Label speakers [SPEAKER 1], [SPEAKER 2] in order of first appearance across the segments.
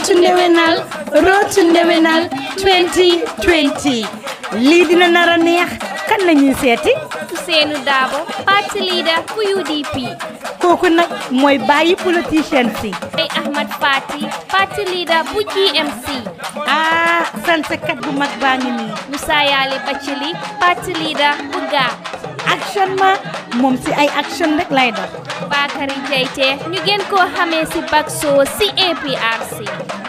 [SPEAKER 1] rootu
[SPEAKER 2] ndewenal rootu ndewenal 2020 lii dina nar a neex kan la ñuy seeti. Ousseynou Dabo parti leader bu UDP. kooku nag mooy bàyyi politicien si. ay Ahmad Fati parti leader bu GMC. ah sant kat bu mag baa ngi nii. Moussa Yali Bacili parti leader bu GA. action ma moom si ay action rek lay dox. Bakary Jaiteh ñu gën koo xamee si Bakso si APRC.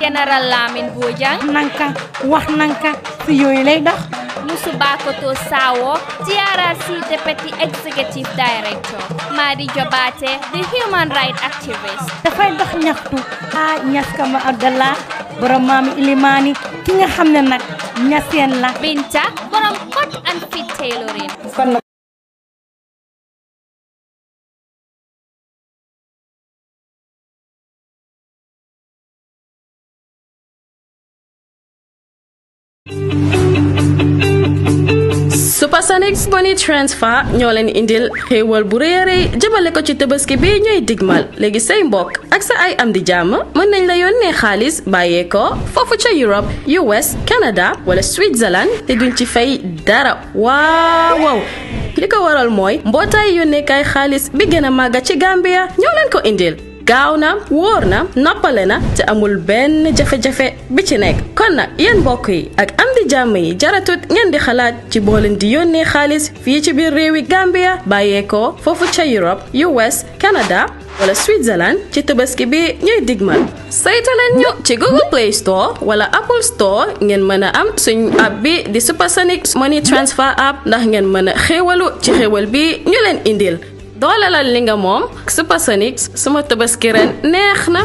[SPEAKER 2] général Lamin Bojang. nanka wax nanka si yooyu lay dox. Youssou Bakoto Sawo, TRRC Deputy Executive Director. Madi Jobate, the human rights activist. dafay dox ñaxtu ah ñaskama Abdallah borom maami Ilimani ki nga xam ne nag ñaseen la. Binta
[SPEAKER 3] borom code and fit tailoring.
[SPEAKER 4] Supersonics Money Transfer ñoo leen indil xéewal bu rëy jëmale ko ci tabaski bi ñooy digmal léegi say mbokk ak sa ay am di jàmm mën nañ la yónnee xaalis bàyyee ko foofu ca Europe US kanada wala Switzerland te duñ ci fay dara waaw li ko waral mooy mbootaay yónneekaay xaalis bi gën a màgga ci Gambia ñoo leen ko indil gaaw na wóor na noppale na te amul benn jafe-jafe bi ci nekk kon nag yéen mbokk yi ak am di jàmm yi jaratut ngeen di xalaat ci boo di yónnee xaalis fii ci biir réewi Gambia bàyyeekoo foofu ca Europe US Canada wala Switzerland ci tabaski bi ñuy digmal sayta leen ñu ci Google Play Store wala Apple Store ngeen mën a am suñ app bi di Supersonic Money Transfer app ndax ngeen mën a xéewalu ci xéewal bi ñu leen indil doolalal li nga moom Supersonic suma tabaski ren neex na.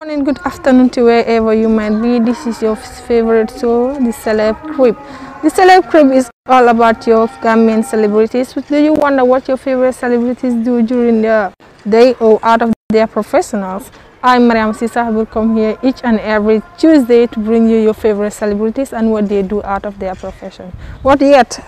[SPEAKER 1] Morning, good afternoon to wherever you might be. This is your favorite show, The Celeb Crib. The Celeb Crib is all about your Gambian celebrities. Do you wonder what your favorite celebrities do during the day or out of their professionals? I'm Mariam Sisa. I will come here each and every Tuesday to bring you your favorite celebrities and what they do out of their profession. What yet?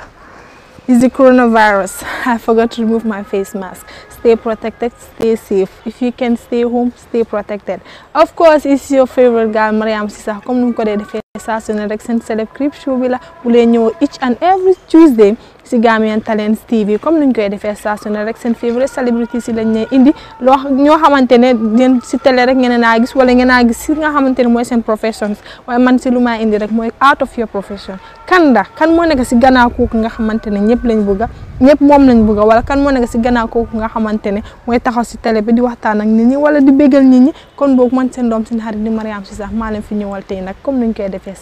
[SPEAKER 1] It's the coronavirus. I forgot to remove my face mask. Stay protected, stay safe. If you can stay home, stay protected. Of course, it's your favorite girl, Mariam Sisa. Comme nous connaissons des félicitations, c'est le clip show. Vous voulez each and every Tuesday. si gamian Talents TV comme nuñ koy défé saa su rek sen celebrity si lañ né indi loh, ñoo xamantene ne ci si télé rek ngeen na gis wala ngeen gis si nga xamantene moy sen professions waaye man si luma indi rek moy out of your profession kan da kan mo nek si gana ko nga xamantene ne lañ bëgga ñëpp mom lañ bëgga wala kan mo nek si gana ko nga xamantene moy taxaw si télé bi di waxtaan ak nit ñi wala di bégal nit ñi kon bok man sen dom sen xarit di Mariam ci sax ma leen fi ñëwal tay nak comme nuñ koy défé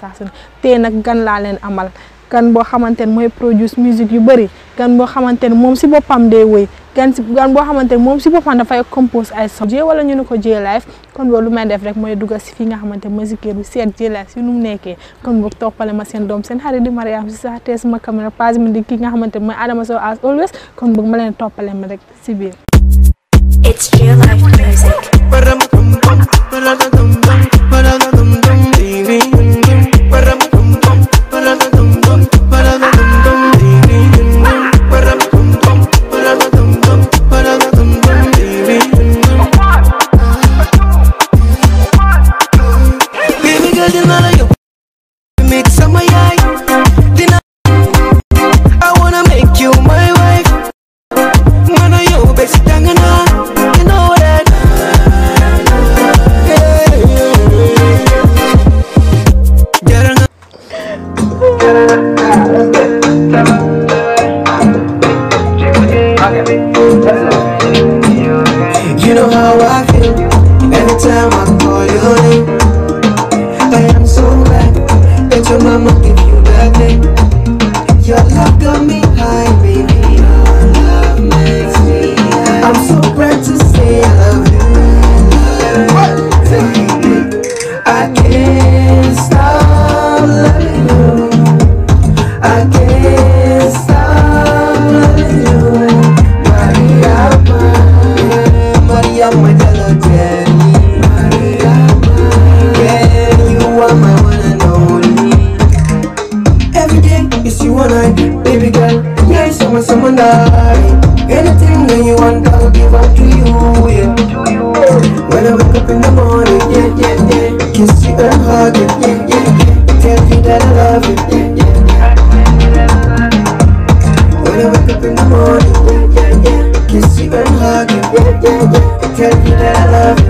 [SPEAKER 1] gan la leen amal kan bo xamantene moy produce music yu bari gan bo xamantene mom moom si boppam day gan si gan bo xamantene mom moom bopam da fay compose ay son jee wala ñu ne ko jee live kon loolu may def rek moy duggal si fi nga xamantene musique si set je jee live si num mu kon bok toppale ma sen dom sen xarit di mariam si sa tes ma camera page mi di ki nga xamantene moy adama so as always kon bok ma leen ma rek si
[SPEAKER 3] It's je live Music.
[SPEAKER 5] right Anything that you want, I'll give up to you, yeah
[SPEAKER 3] When I wake up in the morning, yeah, yeah, yeah Kiss you and hug you, yeah, yeah, yeah Tell you that I love you, yeah, yeah When
[SPEAKER 5] I wake up in the morning, yeah, yeah, yeah Kiss you and hug you, yeah, yeah, yeah Tell you that I love you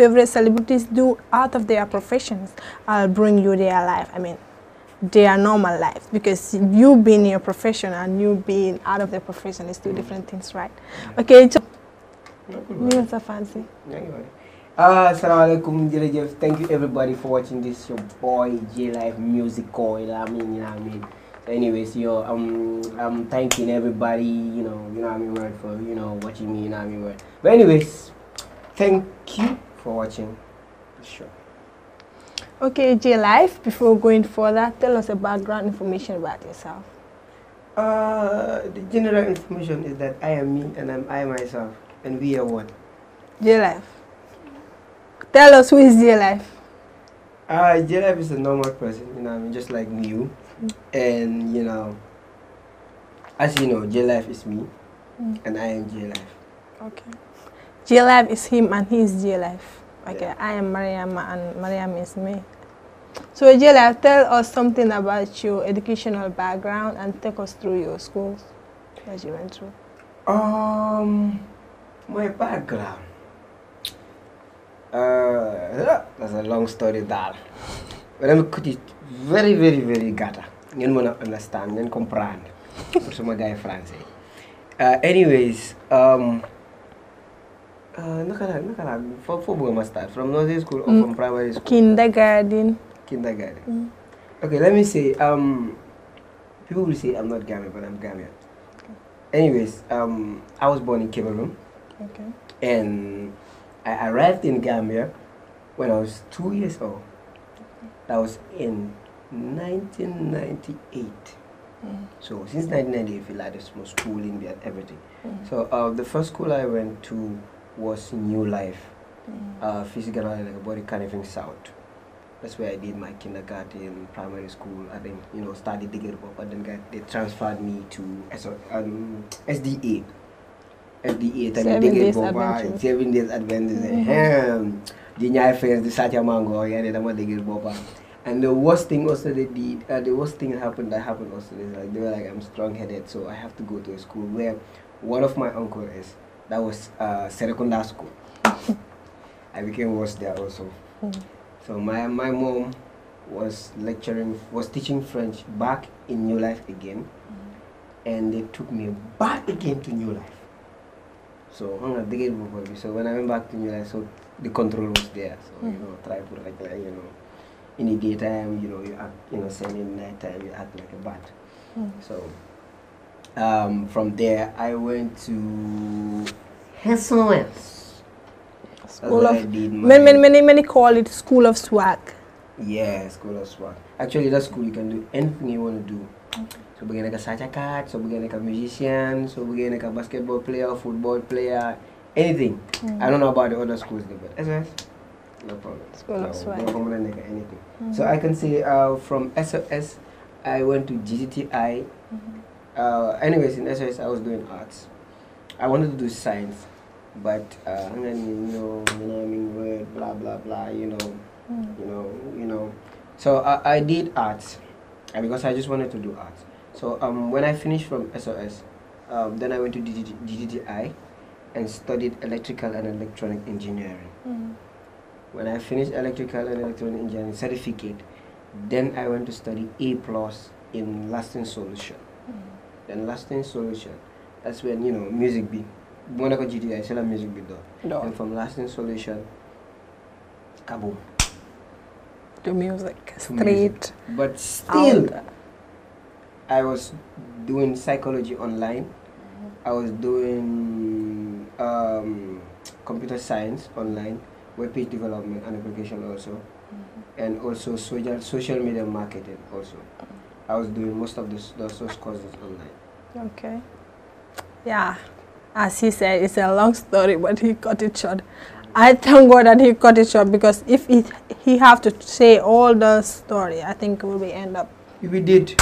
[SPEAKER 1] favorite celebrities do out of their professions, I'll bring you their life. I mean, their normal life because you being your profession and you being out of the profession is two different things, right? Okay, so you are fancy.
[SPEAKER 5] Uh, Assalamualaikum, Jeff. Thank you everybody for watching this. Your boy J Life Music Coil. I mean, you know what I mean. So anyways, yo, I'm um, I'm thanking everybody. You know, you know what I mean, right, for you know watching me. You know what I mean, right. But anyways, thank you for watching the show.
[SPEAKER 1] Okay, J Life, before going further, tell us a background information about yourself.
[SPEAKER 5] Uh, the general information is that I am me and I'm I myself, and we are one.
[SPEAKER 1] J Life. Tell us who is J Life.
[SPEAKER 5] Uh, J Life is a normal person, you know, I mean, just like you. Mm. And, you know, as you know, J Life is me, mm. and I am J Life.
[SPEAKER 1] Okay. GLive is him and he is GLive. Okay, yeah. I am Mariam and Mariam is me. So GLive, tell us something about your educational background and take us through your schools that you went through.
[SPEAKER 5] Um, my background. Uh, that's a long story there. But let me cut it very, very, very gata. You don't understand, you don't comprehend. For some guy Francis. Uh, anyways, um, uh, nakarag, nakarag. For, for Buma start, from nursery school or mm. from primary school?
[SPEAKER 1] Kindergarten. Kindergarten. Mm.
[SPEAKER 5] Okay, let me say, um, people will say I'm not Gambian, but I'm Gambian. Okay. Anyways, um, I was born in Cameroon. Okay. And I arrived in Gambia when I was two years old. Okay. That was in 1998. Mm. So since 1998, I had a small school in there, everything. Mm. So uh, the first school I went to was New Life, mm. uh, physical and body carving south. That's where I did my kindergarten, primary school. I then you know started the get up, and then got, they transferred me to um, SDA. SDA. tamit liggéey boobu seven days adventist di ñaay fees the satya mango yaa ne dama liggéey boobu and the worst thing also they did uh, the worst thing happened that happened also is like they were like I'm strong headed so I have to go to a school where one of my uncle is that was uh, secondary school. I became worse there also. Mm. So my my mom was lecturing, was teaching French back in New Life again, mm. and they took me back again to New Life. So So when I went back to New Life, so the control was there. So mm. you hmm. know, try to like, like you know, in the daytime, you know, you act, you know, same in nighttime, you act like a bat. Hmm. So um, from there, I went to SOS School of many, many,
[SPEAKER 1] many, many call it School of Swag.
[SPEAKER 5] Yeah, School of Swag. Actually, that school you can do anything you want to do. Okay. So begin like a salsa cat, so begin like a musician, so begin like a basketball player, football player, anything. Mm. I don't know about the other schools there, but SOS no problem. School no, of Swag. No problem like anything. Mm. So mm-hmm. I can say uh, from SOS, I went to GTI. Mm -hmm uh, anyways, in SOS, I was doing arts. I wanted to do science, but uh, and then you know, you know, I mean, word, blah blah blah, you know, mm. you know, you know. So I, I did arts, because I just wanted to do arts. So um, when I finished from SOS, um, then I went to DDDI and studied electrical and electronic engineering. Mm. When I finished electrical and electronic engineering certificate, then I went to study A plus in lasting solution and lasting solution that's when you know music be when I go GTA I sell a music be done and from lasting solution kaboom to music to straight music. but still I was doing psychology online mm-hmm. I was doing um, computer science online web page development and application also mm
[SPEAKER 1] -hmm.
[SPEAKER 5] and also social social media marketing also mm-hmm. I was doing most of the, the source courses online.
[SPEAKER 1] Okay. Yeah. As he said, it's a long story, but he cut it short. I thank God that he cut it short because if it, he have to say all the story, I think we will end up.
[SPEAKER 5] If we did,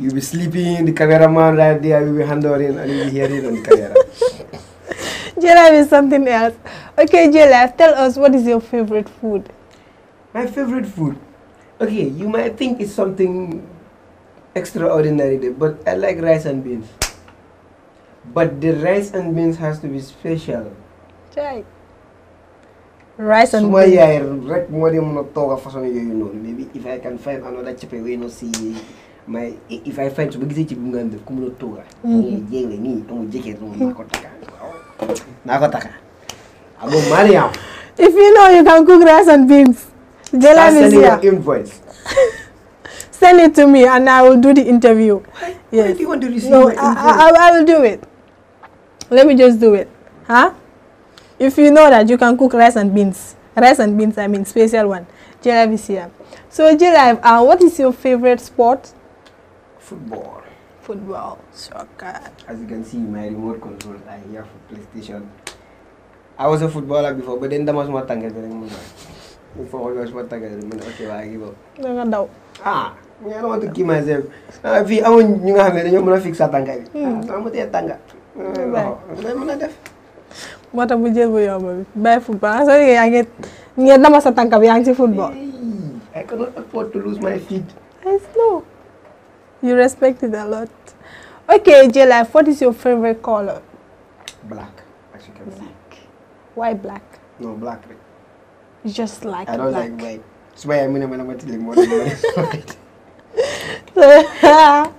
[SPEAKER 5] you'll be sleeping, the cameraman right there, you'll be handling and you'll be hearing on the camera.
[SPEAKER 1] Jelaf is something else. Okay, Jelaf, tell us what is your favorite food?
[SPEAKER 5] My favorite food? Okay, you might think it's something extraordinary day, but I like rice and beans. But the rice and beans has to be special.
[SPEAKER 1] Right. Rice and Suma beans. yaay
[SPEAKER 5] rek moo dee mun façon maybe if I can find another chepe we no see my if I find su ma gisee ci bi nga def ku mun a tooga. nii mm-hmm. jéngle nii amul jëkkër noonu ko taka na ko taka. Abo Mariam.
[SPEAKER 1] If you know you can cook rice and beans. Jela is here.
[SPEAKER 5] invoice.
[SPEAKER 1] Send it to me and I will do the interview.
[SPEAKER 5] Why, yes. Why do you want to receive no, I,
[SPEAKER 1] I, I will do it. Let me just do it. Huh? If you know that you can cook rice and beans, rice and beans, I mean, special one. J-Live is here. So, J-Live, uh, what is your favorite sport?
[SPEAKER 5] Football. Football, soccer. As you can see, my remote control I here for PlayStation. I was a footballer before, but then that was my target. Before I was my target, okay, I give up. Ah. I don't want to kill myself I amuñ ñu nga xam ne dañoo mën a fixer tàngaay bi. ah ma tee tànga. a def. moo
[SPEAKER 1] tax bu jël bu yomb bi football soo yëgee yaa ngi ngeen dama sa tànka bi yaa football. I cannot afford to lose my feet. I know. You respect it a lot. Okay, Life. what is your favorite color?
[SPEAKER 5] Black, as you can black. Why black? No, black.
[SPEAKER 1] just like I don't black. like white.
[SPEAKER 5] That's why I mean I'm not telling more than
[SPEAKER 1] so,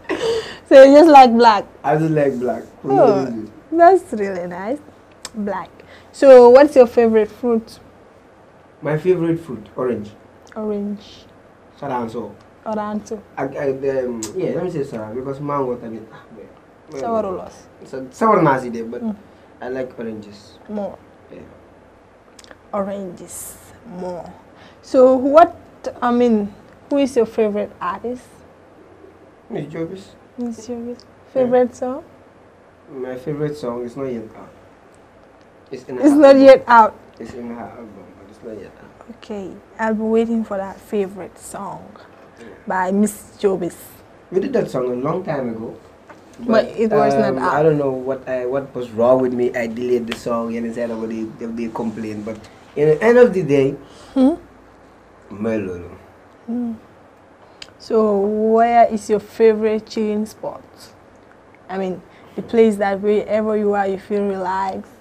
[SPEAKER 1] so you just like black?
[SPEAKER 5] I just like black. Oh,
[SPEAKER 1] that's really nice. Black. So what's your favorite fruit?
[SPEAKER 5] My favorite fruit, orange.
[SPEAKER 1] Orange. Saranso. Oranso.
[SPEAKER 5] I, I, um, yeah, let me say saranso because mango is a bit... Well, sour loss. Sour there, but mm. I like oranges. More. Yeah. Oranges. More.
[SPEAKER 1] So what, I mean, who is your favorite artist? Miss Jobis. Miss Jobis. Favorite yeah. song?
[SPEAKER 5] My favorite song is not yet out. It's, in it's not yet out. It's in her album, but it's not yet out.
[SPEAKER 1] Okay, I'll be waiting for that favorite song yeah. by Miss Jobis.
[SPEAKER 5] We did that song a long time ago. But, but it was um, not out. I don't know what I, what was wrong with me. I delayed the song and instead of the, they complaint. But in the end of the day,
[SPEAKER 1] hmm? So, where is your favorite chilling spot? I mean, the place that wherever you are, you feel relaxed.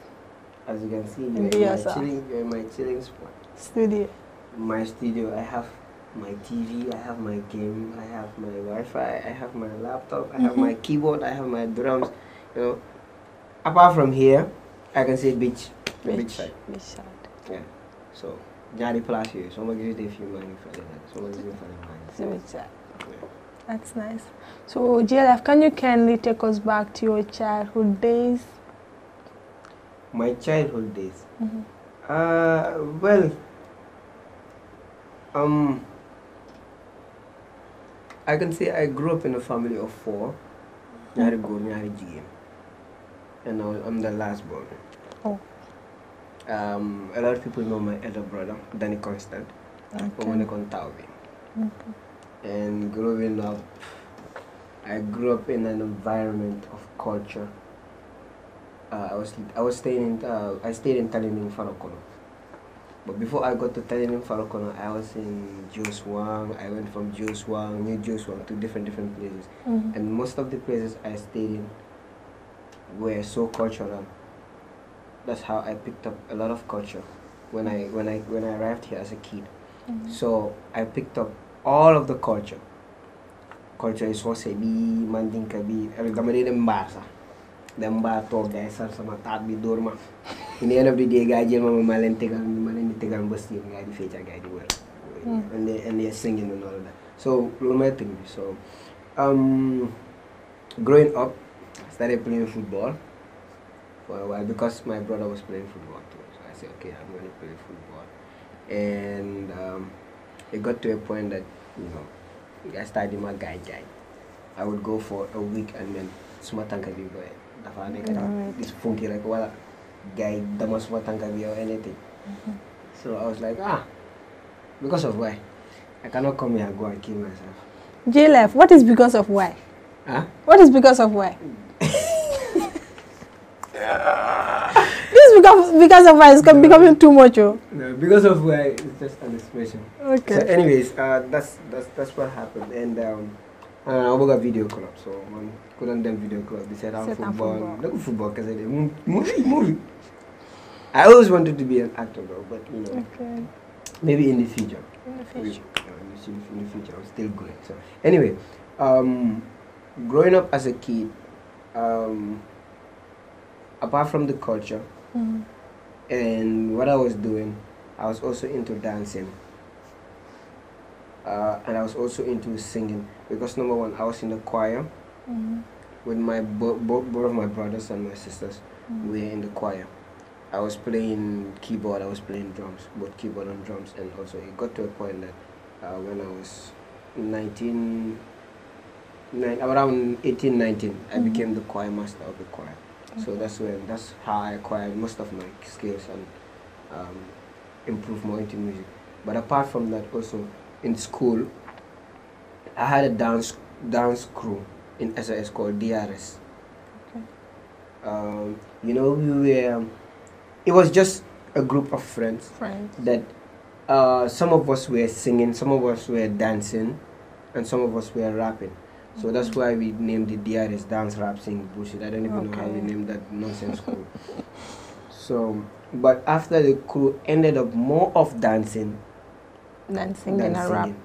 [SPEAKER 5] As you can see, you're in my, chilling, you're uh, in my chilling spot. Studio. My studio. I have my TV, I have my game, I have my Wi-Fi, I have my laptop, I have my keyboard, I have my drums. You know, apart from here, I can say beach, beach, beach side. Beach side. Yeah. So Johnny here. Someone gives you a few money for night. Someone gives you for the money. Let me check.
[SPEAKER 1] That's nice. So, JLF, can you kindly take us back to your childhood days?
[SPEAKER 5] My childhood days? Mm -hmm. Uh, well, um, I can say I grew up in a family of four. I had a GM. And I was, I'm the last born. Oh um, a lot of people know my elder brother, Danny Constant, uh, okay. formerly Okay. And growing up, I grew up in an environment of culture. Uh, I was I was staying in uh, I stayed in Talinim Farakono. But before I got to in Farakono, I was in Joswang. I went from Joswang, New Joswang to different different places. Mm-hmm. And most of the places I stayed in were so cultural that's how I picked up a lot of culture when I when I when I arrived here as a kid. Mm-hmm. So I picked up all of the culture. Culture is Wasebi, Mandinkabi, Elgamari Mbasa. dem ba toog day sar sama taat bi dóor ma in end of the day gaay jël ma ma ma leen tegal ma leen di tegal mbës and they and they singing and all that so loolu so um, growing up I started playing football for a while because my brother was playing football too. So I said, okay, I'm going to play football. And um, it got to a point that, you know, I started my guy guy. I would go for a week and then suma tanka bi boy dafa nek rek this funky like wala guy dama suma tanka or anything mm-hmm. so i was like ah because of why i cannot come here and go and kill myself
[SPEAKER 1] jlf what is because of why huh? what is because of why this because, because of why it's no. becoming too much. Oh.
[SPEAKER 5] No, because of why it's just an expression. Okay. So, anyways, uh, that's that's that's what happened, and um, I work at video club, so man, couldn't them video club. They said I'm football, no football, because I did movie, movie. I always wanted to be an actor though, but you know, okay. maybe in the future. In the future. in the future, I'm still going. So anyway, um, growing up as a kid. Um, apart from the culture mm. and what I was doing, I was also into dancing. Uh, and I was also into singing because number one, I was in the choir mm. with my both bo- both of my brothers and my sisters. Mm. We were in the choir. I was playing keyboard, I was playing drums, both keyboard and drums, and also it got to a point that uh, when I was nineteen, nine around 18, 19, I mm-hmm. became the choir master of the choir. So that's when, that's how I acquired most of my skills and um, improved more into music. But apart from that, also in school, I had a dance dance crew in SIS called DRS. Okay. Um, you know, we were. it was just a group of friends.
[SPEAKER 3] Friends. That
[SPEAKER 5] uh, some of us were singing, some of us were dancing, and some of us were rapping. So that's mm. why we named it DRS dance rap sing bullshit. I don't even okay. know how we named that nonsense crew. so, but after the crew ended up more of dancing,
[SPEAKER 1] dancing than, than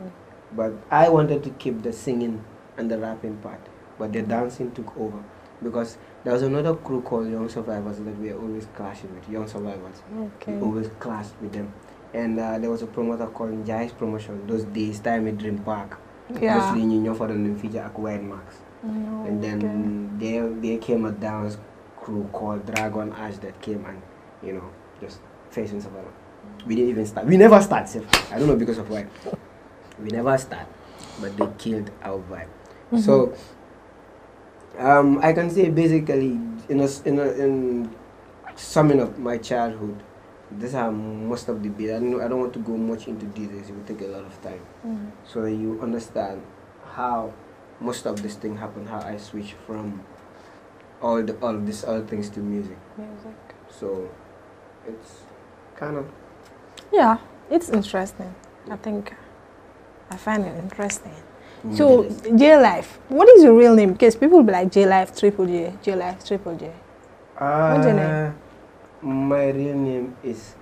[SPEAKER 5] But I wanted to keep the singing and the rapping part, but the dancing took over because there was another crew called Young Survivors that we were always clashing with. Young Survivors, okay. we always clashed with them. And uh, there was a promoter called Jai's Promotion those days, Time at Dream Park yeah. mostly ñu for the doon feature ak White Max. No, oh, and then okay. there there came a dance crew called Dragon Ash that came and you know just facing Savannah. We didn't even start. We never start. I don't know because of why. We never start, but they killed our vibe. Mm -hmm. So um, I can say basically in a, in a, in summing up my childhood, these are most of the bit. I don't, I don't want to go much into details. It will take a lot of time. Mm. So that you understand how most of this thing happened, how I switched from all the all these other things to music. Music. So it's kind of
[SPEAKER 1] yeah, it's interesting. I think I find it interesting. Mm, so J Life, what is your real name? Because people be like J Life Triple J, J Life Triple J.
[SPEAKER 5] Uh, What's your name? Uh, my real name is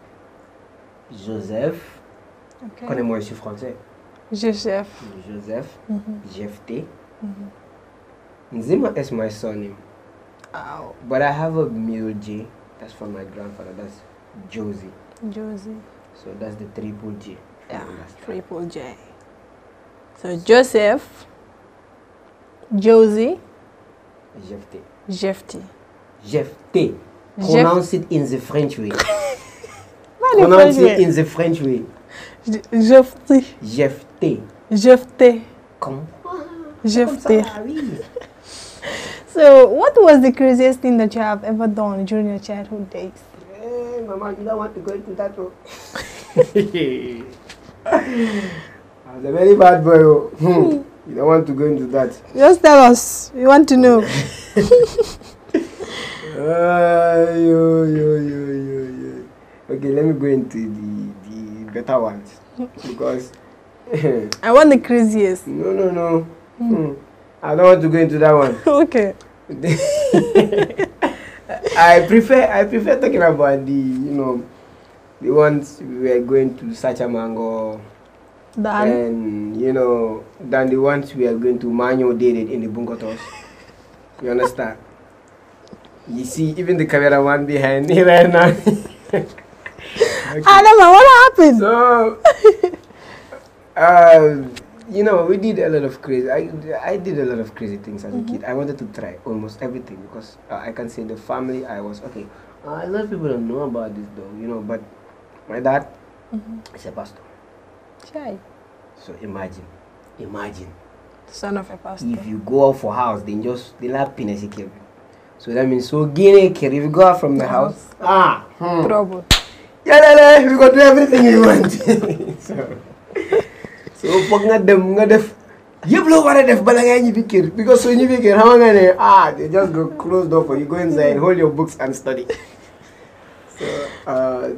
[SPEAKER 5] Joseph. Okay. Connais-moi, je suis français. Joseph. Joseph. Mm -hmm. JFT.
[SPEAKER 1] Mm mm-hmm.
[SPEAKER 5] Nzima is my surname. Oh. But I have a middle J. That's from my grandfather. That's Josie. Josie. So that's the triple J. Yeah,
[SPEAKER 1] triple J. So Joseph, Josie, JFT. JFT.
[SPEAKER 5] JFT. Pronounce it in the French way. Pronounce it in the French way.
[SPEAKER 1] Jefté.
[SPEAKER 5] Jefté.
[SPEAKER 1] Jefté. Comment? Jeveté. So, what was the craziest thing that you have ever done during your childhood
[SPEAKER 5] days? Hey, eh, Mama, you don't want to go into that room. I was a very bad boy. Oh. Hmm. hmm. you don't want to go into that. Just
[SPEAKER 1] tell us. We want to know.
[SPEAKER 5] Ay, yo, yo, yo, yo, yo. Okay, let me go into the, the better ones. Because. I want the craziest. No, no, no. Mm. I don't want to go into that one. okay. I prefer I prefer talking about the you know the ones we were going to mango. Dan. and you know than the ones we are going to manual dated in the Bunkotos. You understand? You see, even the camera one behind me right now. okay. I don't know what happened. So, um, you know, we did a lot of crazy. I, I did a lot of crazy things as mm -hmm. a mm-hmm. kid. I wanted to try almost everything because uh, I can say the family I was okay. Uh, a lot of people don't know about this though, you know. But my dad mm -hmm. is a pastor. Shy. So imagine, imagine.
[SPEAKER 1] The son of a pastor. If you go
[SPEAKER 5] out for house, then just they lap penis kill. So that means so Guinea can if you go out from the house. Ah. Trouble. Hmm. Yeah, yeah, yeah, we to everything you want. so, so nga dem nga def yëpp loo war a def bala ngay ñibbi kër because soo ñibbi kër xam nga ne ah they just go close door for you go inside mm-hmm. hold your books and study. So uh,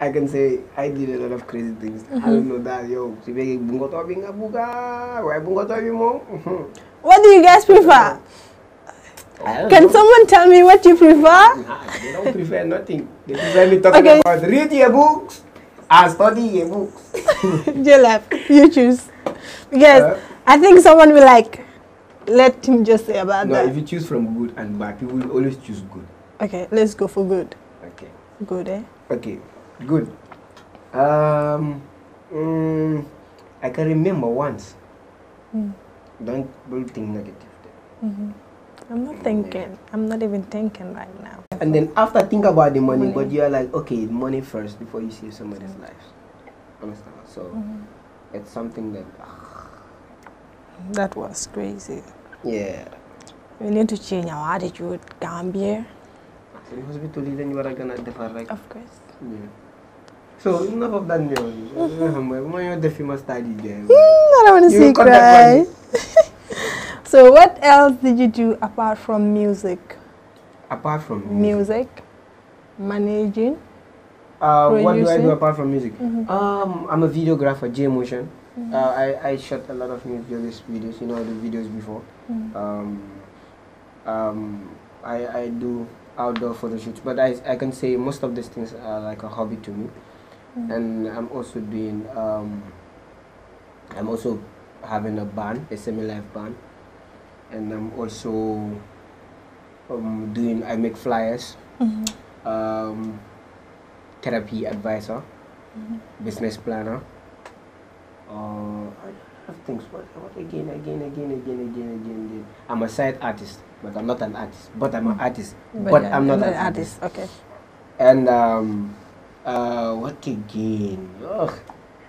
[SPEAKER 5] I can say I did a lot of crazy things. I mm-hmm. don't know that yo mm-hmm.
[SPEAKER 1] What do you guys
[SPEAKER 5] prefer? Oh. Can know. someone
[SPEAKER 1] tell me what you prefer? Nah,
[SPEAKER 5] they don't prefer nothing. They prefer me talking okay. about read your books and study your books.
[SPEAKER 1] JLab, you choose. Yes, uh, I think someone will like, let him just say about no, that. No, if you choose from
[SPEAKER 5] good and bad, people will always choose good.
[SPEAKER 1] Okay, let's go for good. Okay. Good, eh?
[SPEAKER 5] Okay, good. Um, mm, I can remember once. Mm. Don't, don't think negative.
[SPEAKER 1] Mm -hmm. I'm not thinking. I'm not even thinking right now.
[SPEAKER 5] And then after think about the money, money. but you are like, okay, money first before you save somebody's mm-hmm. life. Understand? So mm-hmm. it's something that. Ah.
[SPEAKER 1] That was crazy. Yeah. We need to change our attitude, Gambia.
[SPEAKER 5] So hospital then you are gonna differ, right? Of course. Yeah. So enough of that, Mary. Mm-hmm. Why you the famous study there? I don't want to see cry.
[SPEAKER 1] So what else did you do apart from music?
[SPEAKER 5] Apart from music,
[SPEAKER 1] music managing.
[SPEAKER 5] Uh, what do I do apart from music? Mm -hmm. Um, I'm a videographer, J Motion. Mm -hmm. uh, I, I shot a lot of music videos, you know, the videos before. Mm -hmm. Um, um, I, I do outdoor photo shoots, but I, I can say most of these things are like a hobby to me. Mm. And I'm also doing, um, I'm also having a band, a semi live band and I'm also um, doing I make flyers, mm-hmm. um, therapy advisor, mm-hmm. business planner. Uh, I have things. But what again? Again? Again? Again? Again? Again? Again? I'm a side artist, but I'm not an artist. But I'm an artist. But, but I'm not an artist. artist. Okay. And um, uh, what again? Ugh.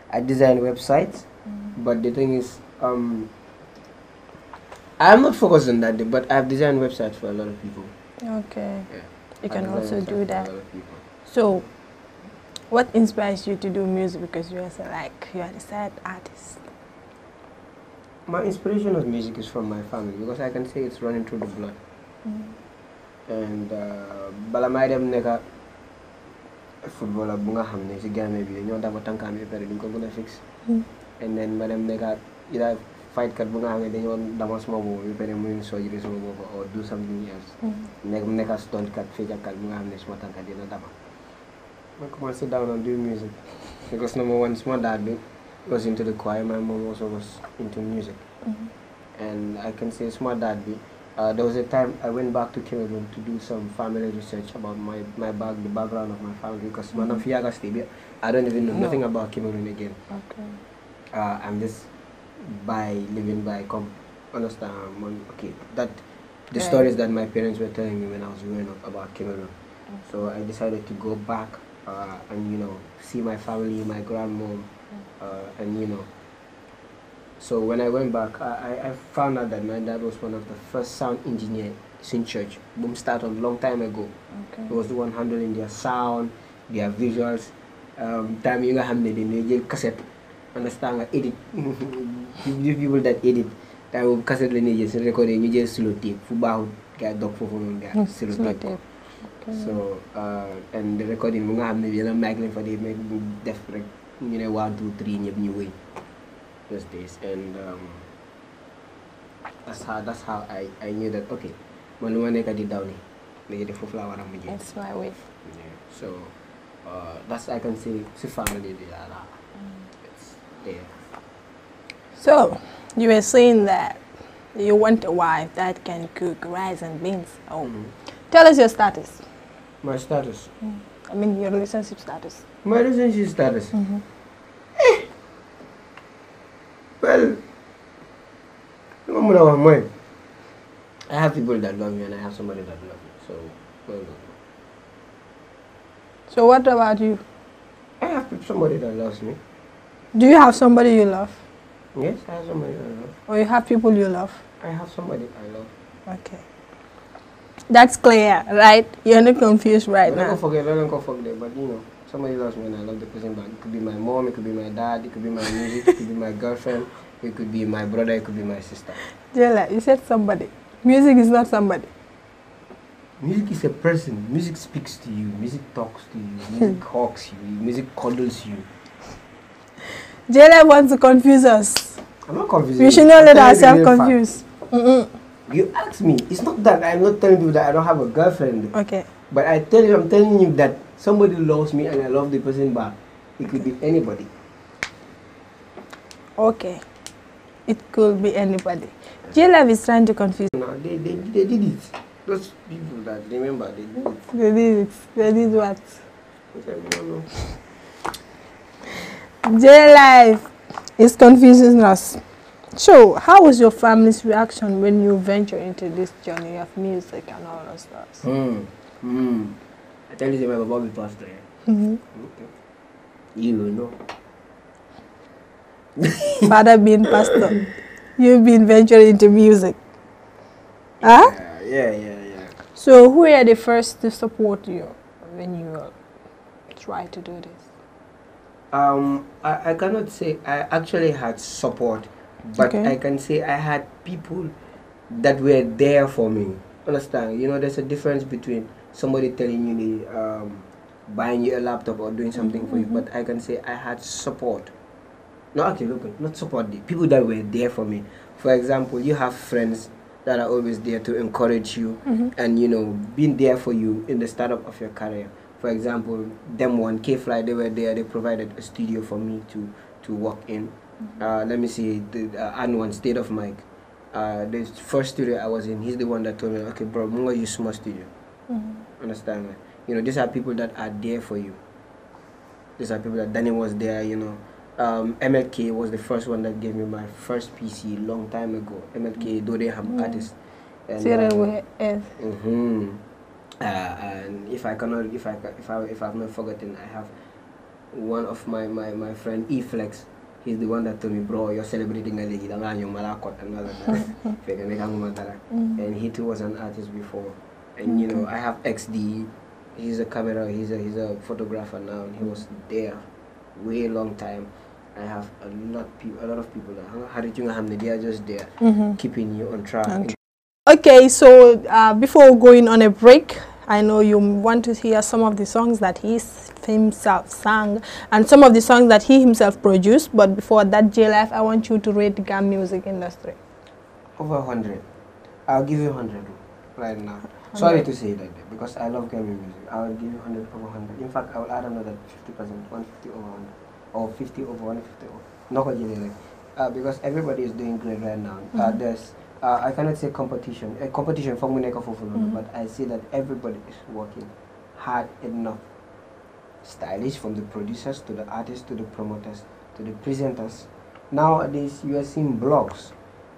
[SPEAKER 5] I design websites, mm-hmm. but the thing is, um, I'm not focused on that, but I've designed websites for a lot of people.
[SPEAKER 1] Okay. Yeah. You can also do that. So, what inspires you to do music? Because you are like you are the sad artist.
[SPEAKER 5] My inspiration of music is from my family because I can say it's running through the blood.
[SPEAKER 1] Mm -hmm.
[SPEAKER 5] And uh, balamaay dem neka footballer bu hamne xam ne si Gambie bi ñoo dama tànkaam ba pare duñ ko fix. Mm-hmm. and then ma dem nekka fightkat bu nga xam ne dañu woon dama suma boobu ba pare muy soojri suma boobu or do something else nekk mm. nekka stuntkat feccakat bu nga xam ne suma tànka dina dama ma commencé down and do music because number one suma dad bi was into the choir my mom also was into music mm-hmm. and I can say suma dad bi uh, there was a time I went back to Cameroon to do some family research about my, my back, the background of my family because mm-hmm. I don't even know no. nothing about Cameroon again. Okay. Uh, I'm just by living by come understand okay that the right. stories that my parents were telling me when I was growing up about Cameroon. Okay. So I decided to go back uh, and you know see my family, my grandmom, uh, and you know. So when I went back, I, I found out that my dad was one of the first sound engineers in church. Boom started a long time ago. Okay. He was the one handling their sound, their visuals. Um, time you got cassette understand nga edit The people that edit time will cassette la ñuy jël suñu recordé ñu slow tape fu baaxul gaa dog foofu noonu gaa mm, slow tape so uh, and the recording we have maybe ne yeneen mic lañ fa dee mais def rek ñu ne one two three ñëpp way. those days and um, that's how that's how I I knew that okay man lu ma nekk di daw nii léegi def foofu laa war a mujjee that's my way Yeah. so uh, that's I can say si family bi laa there.
[SPEAKER 1] So, you were saying that you want a wife that can cook rice and beans. Oh, mm. tell us your status.
[SPEAKER 5] My status.
[SPEAKER 1] Mm. I mean your relationship status.
[SPEAKER 5] My relationship status. Mm -hmm. eh. Well, I have people that love me and I have somebody that love me. So, well
[SPEAKER 1] So what about you?
[SPEAKER 5] I have somebody that loves me.
[SPEAKER 1] Do you have somebody you love?
[SPEAKER 5] Yes, I have somebody I love. Or you have people you love? I have somebody I love. Okay.
[SPEAKER 1] That's clear, right? You're not confused right I now. Don't
[SPEAKER 5] forget, I don't go forget, it, but you know, somebody loves me and I love the person But It could be my mom, it could be my dad, it could be my music, it could be my girlfriend, it could be my brother, it could be my sister.
[SPEAKER 1] Jela, you said somebody. Music is not somebody.
[SPEAKER 5] Music is a person. Music speaks to you. Music talks to you. Music hugs you. Music cuddles you.
[SPEAKER 1] JLM wants to confuse us.
[SPEAKER 5] I'm not confused. We should not let ourselves confuse. Mm -mm. You asked me. It's not that I'm not telling you that I don't have a girlfriend. Okay. But I tell you, I'm telling you that somebody loves me and I love the person back. It could be anybody.
[SPEAKER 1] Okay. It could be anybody. JLM is trying to confuse.
[SPEAKER 5] No, they, they, they did it. Those people that remember, they did it.
[SPEAKER 1] They did it. They did what? I
[SPEAKER 5] don't know.
[SPEAKER 1] Their life is confusing us. So, how was your family's reaction when you venture into this journey of music and all those stuff? Mm.
[SPEAKER 5] Mm. I tell you about Bobby Pastor. mm Okay. You know.
[SPEAKER 1] Father being pastor, you've been venturing into music. Yeah,
[SPEAKER 5] Yeah, yeah, yeah.
[SPEAKER 1] So, who are the first to support you when you uh, try to do this?
[SPEAKER 5] Um, I, I cannot say I actually had support, but okay. I can say I had people that were there for me. Understand? You know, there's a difference between somebody telling you the um, buying you a laptop or doing something mm -hmm. for you, mm-hmm. but I can say I had support. No, actually, okay, not support the people that were there for me. For example, you have friends that are always there to encourage you mm -hmm. and you know being there for you in the startup of your career for example, them one K Fly, they were there. They provided a studio for me to to work in. Mm-hmm. Uh, let me see, the uh, and one State of Mike. Uh, the first studio I was in, he's the one that told me, okay, bro, I'm to small studio. Mm-hmm. Understand, You know, these are people that are there for you. These are people that Danny was there. You know, um, MLK was the first one that gave me my first PC long time ago. MLK, mm-hmm. though they have mm-hmm. artists. And, uh, mm-hmm uh, and if I cannot, if I if I if I've not forgotten, I have one of my my my friend Eflex. He's the one that told me, bro, you're celebrating a league. and he too was an artist before. And you know, I have XD. He's a camera. He's a he's a photographer now. he was there, way long time. I have a lot people, a lot of people. How did you know they are just there, mm-hmm. keeping you on track, on
[SPEAKER 1] Okay, so uh, before going on a break, I know you want to hear some of the songs that he himself sang and some of the songs that he himself produced. But before that, JLF, I want you to rate the Gam music industry.
[SPEAKER 5] Over 100. I'll give you 100 right now. 100. Sorry to say that because I love Grammy music. I'll give you 100 over 100. In fact, I will add another 50%, 150 over 100, or 50 over 150 over. Not uh, because everybody is doing great right now. mm -hmm. there's uh, I cannot say competition. A competition for Muneka for mm but I see that everybody is working hard enough. Stylish from the producers to the artists to the promoters to the presenters. Nowadays you are seeing blogs.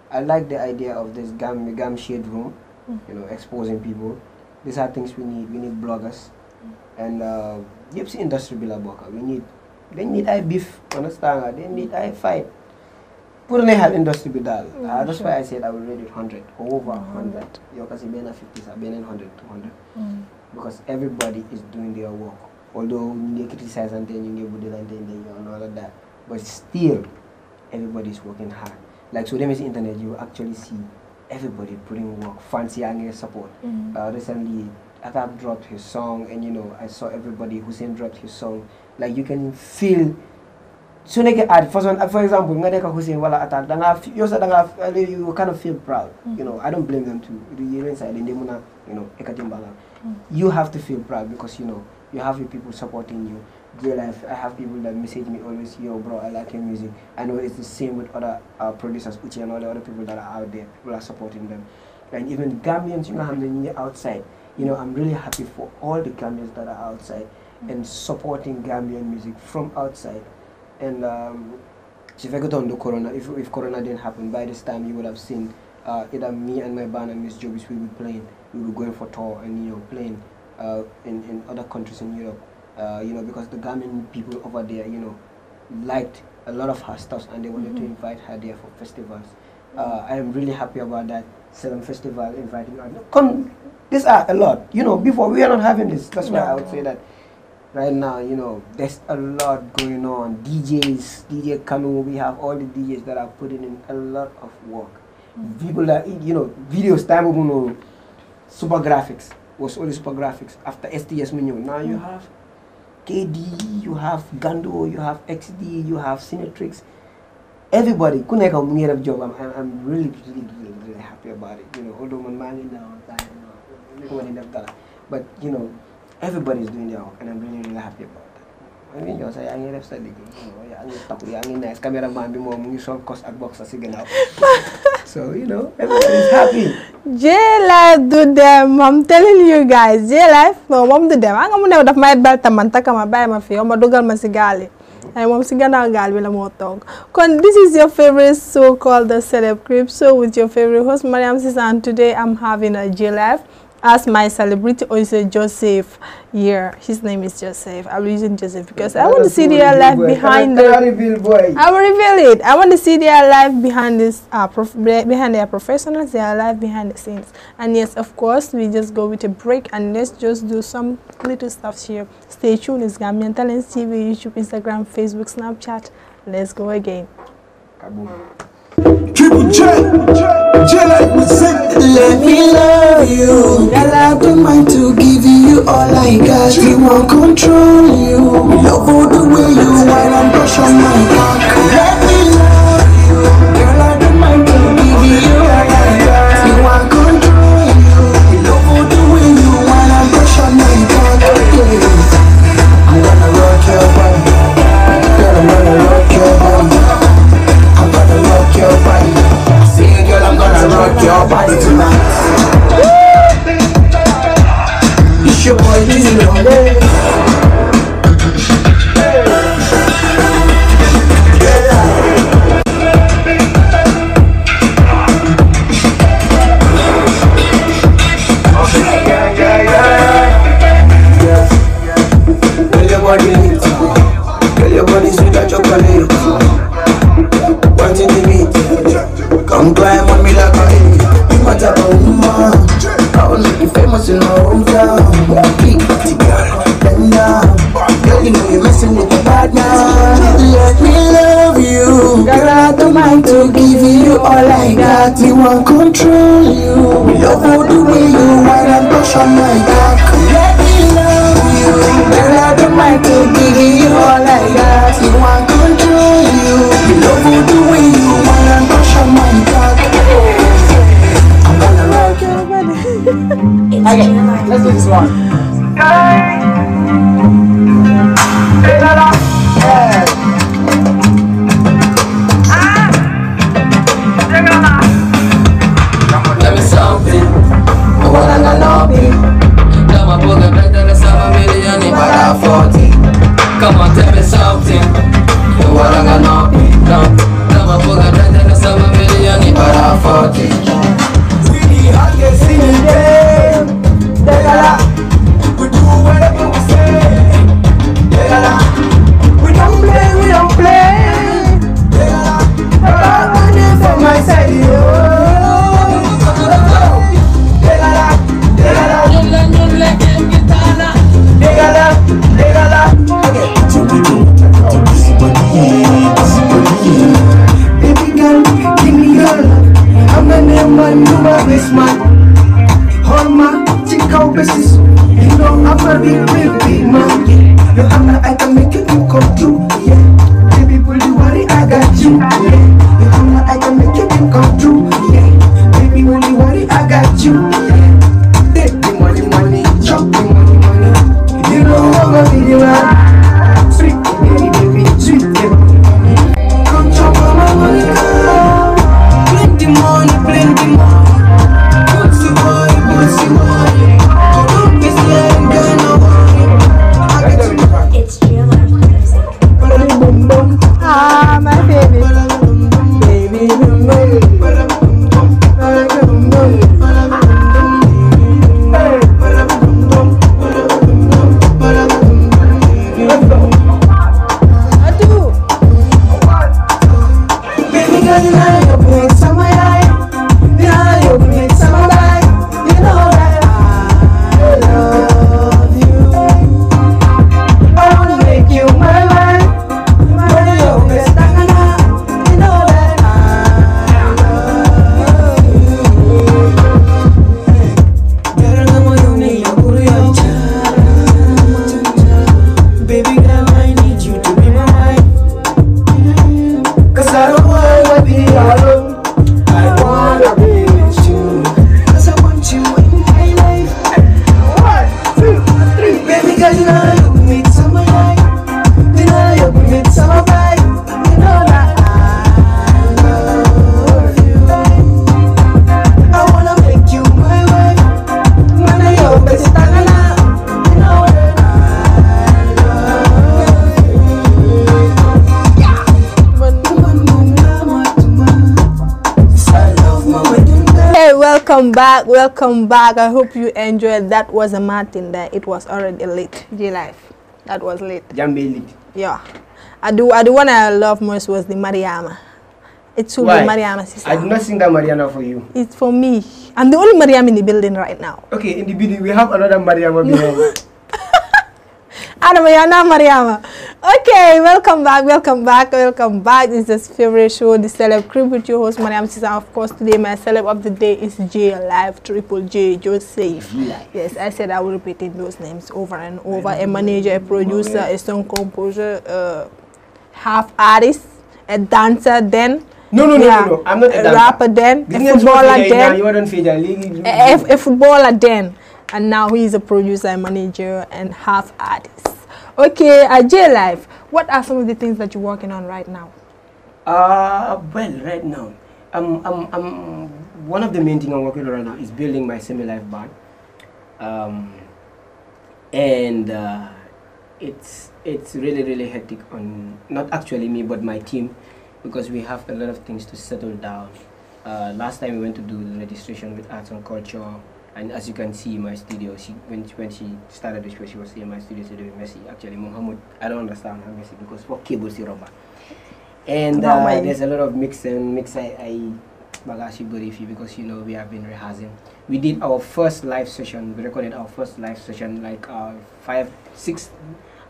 [SPEAKER 5] I like the idea of this gam gam shade room, mm. you know, exposing people. These are things we need. We need bloggers, mm. and uh, gypsy industry bilaboka. We need. They need I beef. Understand? They need I fight pour neexal industry be daal uh, that's why I said I will rate it hundred over hundred You yow kasi benn fifty sax beneen 200, mm. because everybody is doing their work although you ngi criticize and then you buddilante ñu ngi on all of that but still everybody is working hard like so dem internet you actually see everybody putting work Fancy Ange support mm. uh, recently Atab dropped his song and you know I saw everybody Hussein dropped his song like you can feel so nekkee art façon for example nga nekk Hussein wala Atal da ngaa yow sax da eh, you kind of feel proud. you know I don't blame them too The saa yi dañ you know ekkati bala. Mm. you have to feel proud because you know you have your people supporting you. dear life I have people that message me always, yo bro, I like your music. I know it's the same with other uh, producers, Uchi and all the other people that are out there. People are supporting them. And even Gambians, you know, I'm outside. You know, I'm really happy for all the Gambians that are outside mm. and supporting Gambian music from outside and um, the Corona, if, if Corona didn't happen, by this time you would have seen uh, either me and my band and Miss Jobis, we will be playing, we will be going for tour and, you know, playing uh, in, in other countries in Europe, uh, you know, because the Ghanaian people over there, you know, liked a lot of her stuff and they wanted mm -hmm. to mm-hmm. invite her there for festivals. Uh, I am really happy about that. Selam Festival inviting her. Come, these are a lot. You know, before we are not having this. That's why I would say that right now you know there's a lot going on djs dj kanu we have all the djs that are putting in a lot of work mm-hmm. people that you know videos time super graphics was only super graphics after sts menu now you mm. have kd you have gando you have xd you have cinetrix everybody kuneka munira job I'm, I'm really really really really happy about it you know although man mangi now but you know everybody's doing their work and I'm really really happy about that. ma ngi ñëw sax yaa ngi def sa liggéey yaa ngi takku yaa ngi nice caméraman bi moom mu ngi sol kos ak box si gannaaw so you know everybody's happy.
[SPEAKER 1] J-Life du dem I'm telling you guys J-Life non moom du dem ah nga mu ne daf may bal taman takama bàyyi ma fi yow ma dugal ma si gaal yi. ay moom si gannaaw gaal bi la moo toog kon this is your favorite so called the celeb crib show with your favorite host Mariam Sisane today I'm having a J-Life. as my celebrity also Joseph. here. his name is Joseph. I'm using Joseph because yeah, I want to see their life behind can I,
[SPEAKER 5] can the. Boy? I will
[SPEAKER 1] reveal it. I want to see their life behind this, uh, behind their professionals, their life behind the scenes. And yes, of course, we just go with a break and let's just do some little stuff here. Stay tuned. It's Gambian Talents TV, YouTube, Instagram, Facebook, Snapchat. Let's go again. Kaboom.
[SPEAKER 3] check. Let me love you. Girl, I don't mind to give you all I got. She won't control you. Love all the way you while I'm on my back. Let me love you. your body tonight. It's your boy, Dizzy Longley. in my girl, bend down. Girl, you know you're messing with the bad Let me love you. Girl, I don't mind to give you all I got. You won't control you. love all the way you whine and push on my back. Let me love you. Girl, I don't mind to give you all
[SPEAKER 1] welcome back i hope you enjoyed that was a martin there it was already late g life that was late jambe late yeah i do i do one i love most was the mariama It's who the mariama sister i do not sing
[SPEAKER 5] that mariama for you
[SPEAKER 1] it's for me i'm the only mariama in the building right now
[SPEAKER 5] okay in the building we have another mariama behind
[SPEAKER 1] Adam Mariama. Okay, welcome back, welcome back, welcome back. This is the favorite show, the Celeb Crib with your host Mariam Cesar. Of course, today my celeb of the day is J Live Triple J Joseph. Yes, I said I will repeating those names over and over. A manager, a producer, a song composer, uh, half artist, a dancer, then. No, no, yeah. no, no, no. I'm not a, rapper then, a footballer
[SPEAKER 5] then,
[SPEAKER 1] a, a, a footballer then, and now he is a producer, a manager, and half artist. Okay, at Life, what are some of the things that you're working on right now?
[SPEAKER 5] Uh, well, right now, um, um, um, one of the main things I'm working on right now is building my semi-life bar. Um, and uh, it's it's really really hectic on not actually me but my team because we have a lot of things to settle down. Uh, last time we went to do the registration with arts and culture and as you can see in my studio, she when, when she started the show, she was saying my studio doing Messi. Actually, Muhammad, I don't understand how Messi because what cable si Robert. And uh, no, there's a lot of mix and mix I, I Bagashi you because you know we have been rehearsing. We did our first live session. We recorded our first live session like uh, five, six,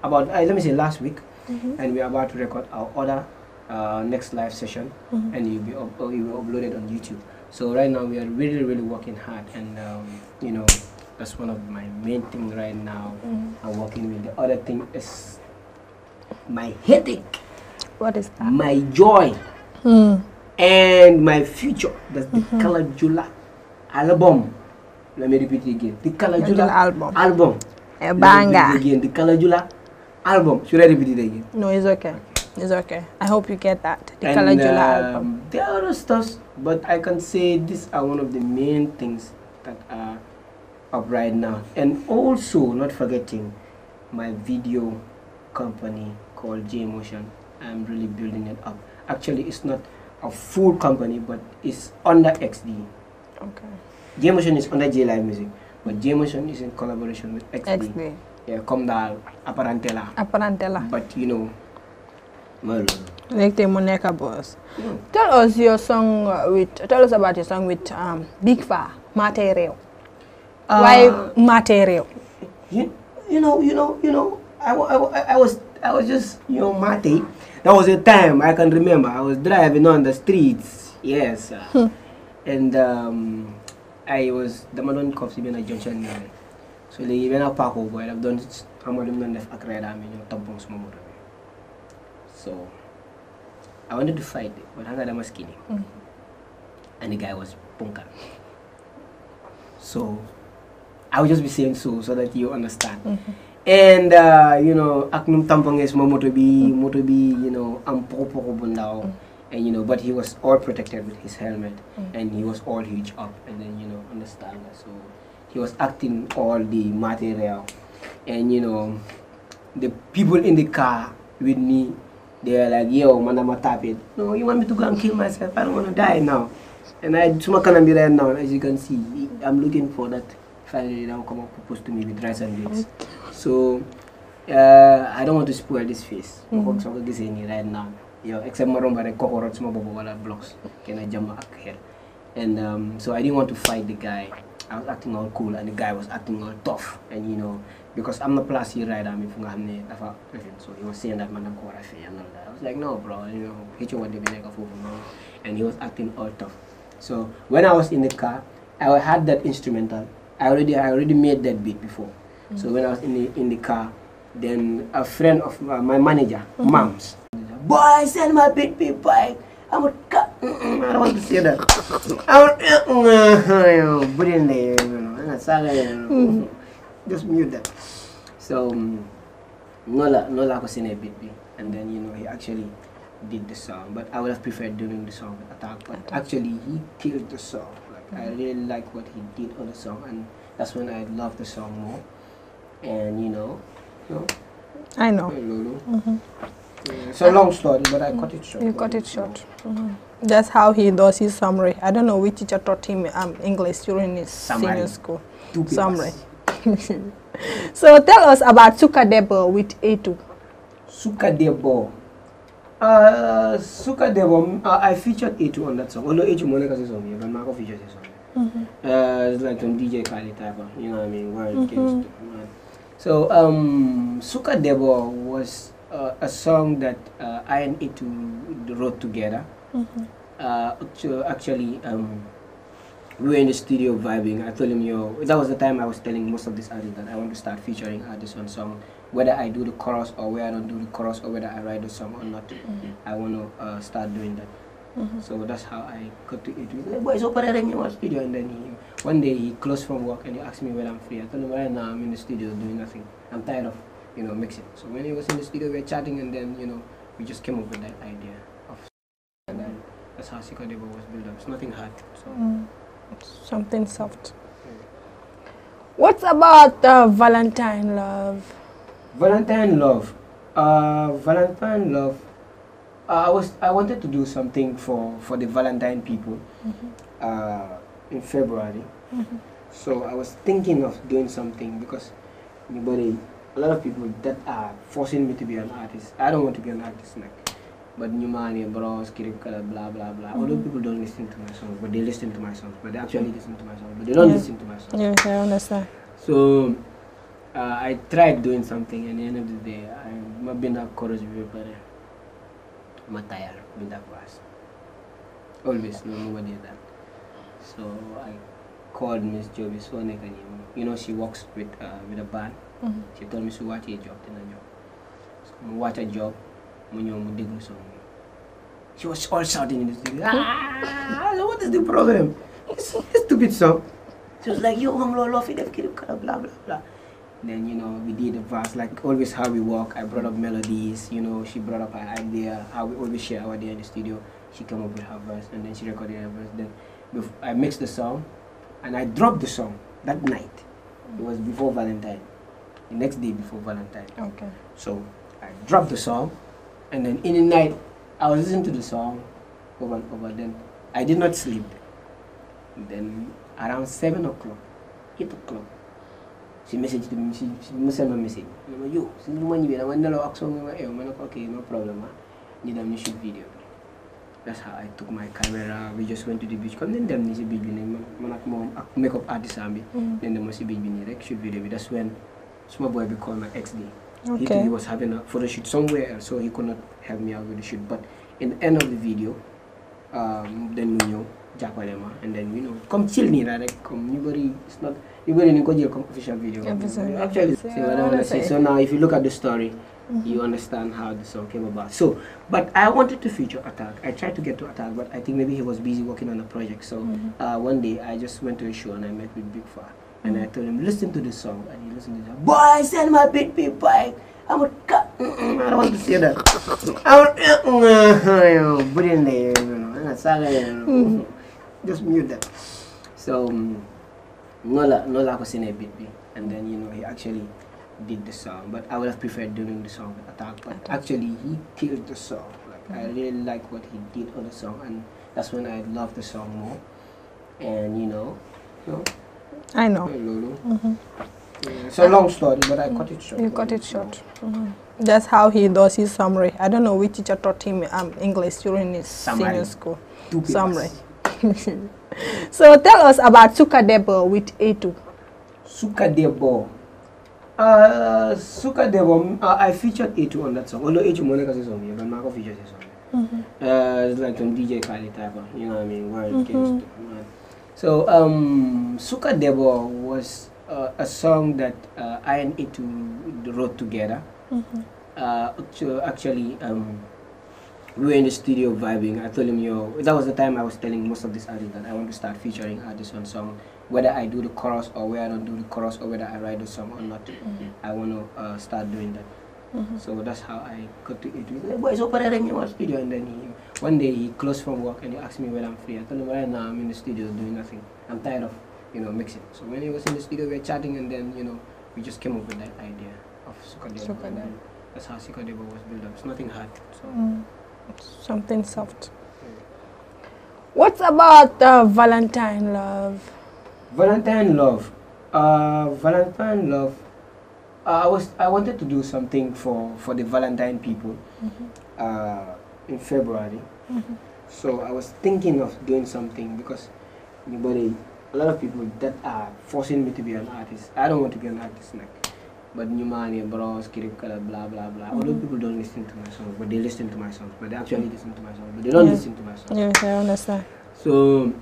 [SPEAKER 5] about uh, let me say last week, mm -hmm. and we're about to record our other uh, next live session, mm -hmm. and you'll be up, uh, you will be uploaded on YouTube so right now we are really really working hard and um, you know that's one of my main things right now mm. i'm working with the other thing is my
[SPEAKER 4] headache what is that
[SPEAKER 5] my joy hmm. and my future that's the mm -hmm. color jula album let me repeat it again the color jula album album
[SPEAKER 1] eh, a banger
[SPEAKER 5] again the Kalajula album should i repeat it again
[SPEAKER 1] no it's okay, okay. it's okay i hope you get that the color jula um, album
[SPEAKER 5] there are other stuffs but i can say these are one of the main things that are up right now and also not forgetting my video company called J Motion. i'm really building it up actually it's not a full company but it's under xd okay J Motion is under j live music but J Motion is in collaboration with xd, XD. yeah come down apparentela apparentela but you know Merlin.
[SPEAKER 1] Like the Moneka Boss. Mm. Tell us your song with, tell us about your song with um, Big Fa, Material. Uh,
[SPEAKER 5] Why Material? You, you know, you know, you know, I, I, I was I was just, you know, Mate. That was a time I can remember. I was driving on the streets, yes. Hmm. And um, I was, the Malon Cops, even a junction. So, like, even a park over, I've done, I'm a even bit of a crowd, I'm in your top So, I wanted to fight, but Hangada was kidding. Mm. And the guy was punka. So I will just be saying so so that you understand. Mm -hmm. And uh, you know, aknum tampong is mo motobi, you know, am popo bundao. Mm. And you know, but he was all protected with his helmet mm. and he was all huge up and then you know, understand that. So he was acting all the material and you know the people in the car with me they are like, yo, man, I'm a tap No, you want me to go and kill myself? I don't want to die now. And I smoke and be right now, as you can see, I'm looking for that family that will come up, propose to me with rice and beans. So, uh, I don't want to spoil this face. Mm -hmm. right now. Yo, except my room, but cohort, small bubble, blocks. Can I jump back here? And um, so I didn't want to fight the guy. I was acting all cool, and the guy was acting all tough. And you know, because i am the plus yi rider I'm nga xam so he was saying that man i ko war a fee and all that I was like no bro you know be like a foofu noonu and he was acting all tough so when I was in the car I had that instrumental I already I already made that beat before mm -hmm. so when I was in the in the car then a friend of my manager mm -hmm. Mams boy send my beat beat boy I'm a cut mm, mm, mm, I don't want to say that I'm a want. in there you know I'm a that you know mm-hmm just mute them. So um, Nola Nola was in a bit and then you know he actually did the song. But I would have preferred doing the song with Attack. But actually he killed the song. Like mm -hmm. I mm-hmm. really like what he did on the song and that's when I loved the song more. And you know, you know I know. Mm -hmm. yeah, it's a long story, but I cut it short. You cut
[SPEAKER 1] it short. Mm -hmm. That's how he does his summary. I don't know which teacher taught him um, English during his summary. senior school. summary. so tell us about Sukadebo
[SPEAKER 5] with A2. Sukadebo. Uh, Sukadebo, uh, I featured A2 on that song. Although A2 Monica says on me, but Marco features his song. Mm -hmm. uh, it's like some DJ Khaled type of, you know what I mean, where it mm -hmm. to, man. So, um, Sukadebo was uh, a song that uh, I and A2 wrote together. Mm -hmm. uh, actually, um, we were in the studio vibing. I told him, yo, that was the time I was telling most of these artists that I want to start featuring artists on song, whether I do the chorus or whether I don't do the chorus or whether I write the song or not. Mm -hmm. I want to uh, start doing that. Mm -hmm. So that's how I got to it. He said, boy, it's open in my studio. And then he, one day he closed from work and he asked me when I'm free. I told him, right now I'm in the studio doing nothing. I'm tired of, you know, mixing. So when he was in the studio, we were chatting and then, you know, we just came up with that idea of and then that's how Sikadebo was built up. It's nothing hard. So. Mm
[SPEAKER 1] something soft. What's about uh, Valentine love?
[SPEAKER 5] Valentine love. Uh, Valentine love. Uh, I was I wanted to do something for for the Valentine people mm -hmm. uh, in February. Mm -hmm. So I was thinking of doing something because anybody, a lot of people that are forcing me to be an artist. I don't want to be an artist. Like but new money, Bros, Kirikala, blah, blah, blah. Mm-hmm. Although people don't listen to my songs, but they listen to my songs, but they actually listen to my songs, but they don't yeah. listen to my songs.
[SPEAKER 1] Yes, I understand.
[SPEAKER 5] So uh, I tried doing something, and at the end of the day, I've been that courage with but I'm tired, with that fast. Always, no, nobody did that. So I called Miss Joby Sonic, and you know, she works with uh, with a band. Mm-hmm. She told me to watch a job, then a job. So what watch a job mu song she was all shouting in the studio
[SPEAKER 4] ah what is the problem it's a
[SPEAKER 5] stupid song she was like yo xam loolu loo fi def kii blah blah blah then you know we did a verse like always how we work i brought up melodies you know she brought up her idea how we always share our idea in the studio she came up with her verse and then she recorded her verse then i mixed the song and i dropped the song that night it was before valentine the next day before valentine okay so i dropped the song and then in the night, I was listening to the song over and over. Then I did not sleep. Then around seven o'clock, eight o'clock, she messaged me. She, she sent me a message. I'm like, yo, since you went, I went to the song. I'm like, okay, no problem. I need a shoot video. That's how I took my camera. We just went to the beach. Come then, them is a beach. Man, ak mom, ak makeup artist mm. Then the must beach. Then shoot video. That's when small boy be called my ex Okay. He, he was having a photo shoot somewhere else, so he could not help me out with the shoot. But in the end of the video, um, then you know jack and then you know, come chill me, right? Come, nobody, it's not. You go in and official video. Actually, so, I do want to say. so now if you look at the story, Mm -hmm. you understand how the song came about. So, but I wanted to feature Attack. I tried to get to Attack, but I think maybe he was busy working on a project. So, mm -hmm. uh, one day I just went to a show and I met with Big Fat. And I told him, listen to this song. And he listened to it. Boy, send my big big bike. I would cut. I don't want to see that. I would put in there. Mm-hmm. Just mute that. So, mm, Nola, Nola was in a bit. And then, you know, he actually did the song. But I would have preferred doing the song with Attack. But actually, he killed the song. Like, I mm-hmm. really like what he did on the song. And that's when I loved the song more. And, you know, you know I know. Mm -hmm. yeah, it's a long story, but I cut it short. You cut
[SPEAKER 1] it short. Mm -hmm. That's how he does his summary. I don't know which teacher taught him um, English during his summary. senior
[SPEAKER 5] school. Summary.
[SPEAKER 1] so tell us about Sukadebo with
[SPEAKER 5] A2. Sukadebo. Uh, Sukadebo, uh, I featured A2 on that song. Although Etu Monica says on me, but Marco features his song. Mm -hmm. uh, it's like some DJ Kali type of, you know what I mean? Where mm -hmm. gets to, so um, Suka Debo was uh, a song that uh, I and it wrote together. Mm-hmm. Uh, actually, um, we were in the studio vibing. I told him, yo, that was the time I was telling most of these artists that I want to start featuring artists on song, whether I do the chorus or whether I don't do the chorus or whether I write the song or not. Mm-hmm. I want to uh, start doing that. Mm-hmm. So that's how I got to it. Boy, operating in my studio, and then he one day he closed from work and he asked me when I'm free. I told him right now I'm in the studio doing nothing. I'm tired of, you know, mixing. So when he was in the studio, we were chatting and then, you know, we just came up with that idea of Sukadeva. Sukadeva. That's how Sukadeva was built up. It's nothing hard. So. Mm.
[SPEAKER 1] Something soft. Yeah. about uh, Valentine love?
[SPEAKER 5] Valentine love. Uh, Valentine love. Uh, I was I wanted to do something for for the Valentine people. Mm -hmm. uh, in February. Mm-hmm. So I was thinking of doing something because anybody, a lot of people that are forcing me to be an artist. I don't want to be an artist, like, but Numani, Bros, Kirikala, blah, blah, blah. Mm-hmm. Although people don't listen to my songs, but they listen to my songs, but they actually listen to my songs, but they don't yeah. listen to my songs.
[SPEAKER 1] Yes, I understand.
[SPEAKER 5] So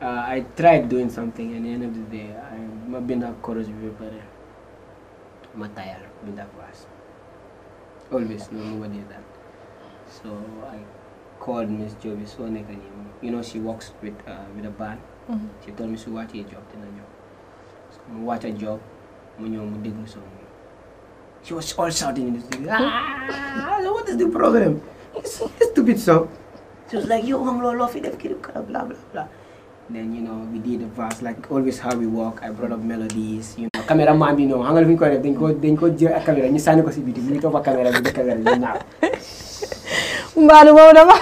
[SPEAKER 5] uh, I tried doing something, and at the end of the day, i not being that courage with everybody. I'm tired, being that fast. Always, no, nobody that. So I called Miss Joby Sonic and you know she works with uh, with a band. Mm -hmm. She told me she watch a job then a job. So what a job mu ñëw mu She was all shouting in the studio.
[SPEAKER 4] Ah, what is the problem? It's
[SPEAKER 5] stupid song. She was like, yo, I'm low, love, it, blah, blah, blah. Then, you know, we did the verse, like always how we work. I brought up melodies, you know. Camera man, you know, nga lu ñu koy def Then go, then go. jël ak caméra You sign a si We bu ñu topp ak caméra bi di caméra Now
[SPEAKER 1] mbaanu boobu dama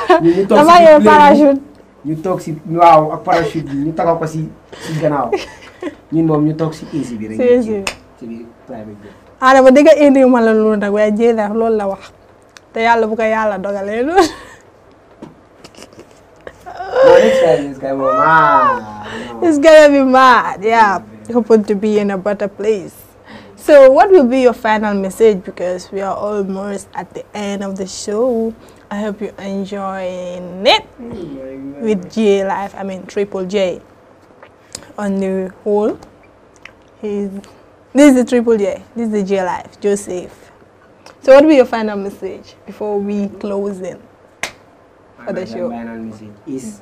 [SPEAKER 5] dama yor parachute. ñu toog si waaw ak parachute bi ñu taxaw ko si si gannaaw ñun moom ñu toog si AC bi rek. si AC bi ci biir private bi.
[SPEAKER 1] Adama dégg nga indi ma la loolu nag waaye Jeyda loolu la wax te yàlla bu ko yàlla dogalee loolu.
[SPEAKER 5] It's
[SPEAKER 1] gonna be mad, yeah. Hoping to be in a better place. So, what will be your final message? Because we are almost at the end of the show. I hope you're enjoying it with J Life. I mean Triple J. On the whole, he's this is the Triple J. This is the J Life. Joseph. So what will be your final message before we close in for the show? Final
[SPEAKER 5] message is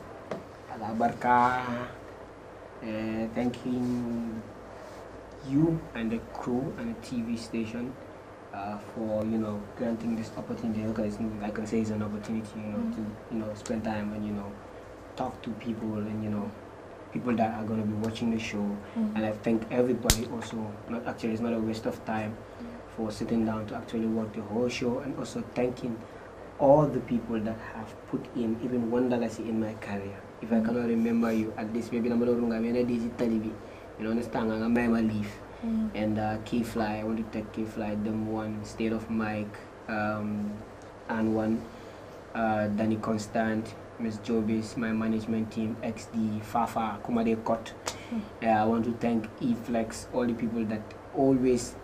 [SPEAKER 5] Alabarka. Uh, eh, thanking you and the crew and the TV station uh, for you know granting this opportunity. Okay, I can say it's an opportunity, you know, mm to you know spend time and you know talk to people and you know people that are going to be watching the show. Mm And I thank everybody also. Not actually, it's not a waste of time for sitting down to actually watch the whole show and also thanking all the people that have put in even one dollar in my career. If I mm-hmm. cannot remember you, at least maybe I'm going to digitally You know, understand? I'm going to leave mm. and uh, K Fly. I want to take K Fly, them one, State of Mike, um, and one, uh, Danny Constant, Miss Jobis, my management team, XD, Fafa, Kumade Kot. Mm. I want to thank Eflex, all the people that always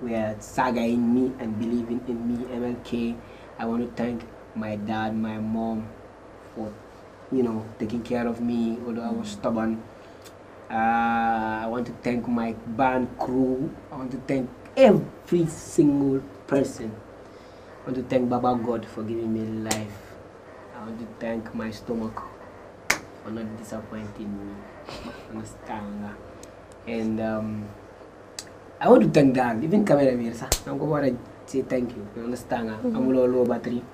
[SPEAKER 5] were saga in me and believing in me, MLK. I want to thank my dad, my mom for, you know, taking care of me, although I was hmm. stubborn uh, I want to thank my band crew. I want to thank every single person. I want to thank Baba God for giving me life. I want to thank my stomach for not disappointing me. Understand? And um, I want to thank Dan, even camera mirror. I'm going to say thank you. You understand? I'm all over battery.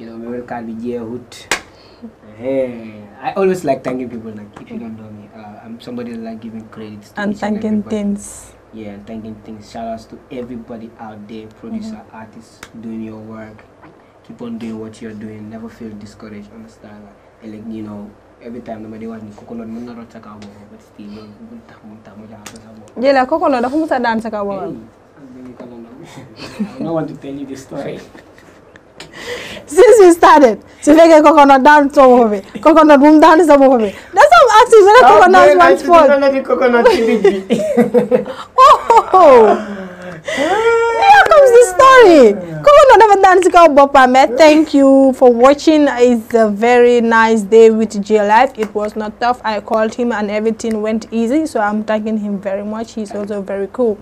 [SPEAKER 5] You know, we will call me Jehut. Hey, I always like thanking people. Like if you don't know me, uh, I'm somebody like giving credits. and thanking things. Yeah, thanking things. Shout outs to everybody out there, producer, mm -hmm. artists, doing your work. Keep on doing what you're doing. Never feel discouraged. Understand? Like, like you know, every time damay di wax ni kokolo mën na rot sa kaw boobu ba si loolu not talk about. tax mu jaaxal sa boobu. jëlee kokolo dafa mës a no one to tell you this story
[SPEAKER 1] since we started, so make a coconut down top of it, coconut boom down the of it. That's how I'm asking whether coconut is one's fault. Don't let the coconut be. oh. Here comes the story. Coconut never dance Bopame. Thank you for watching. It's a very nice day with G Life. It was not tough. I called him and everything went easy. So I'm thanking him very much. He's also very cool.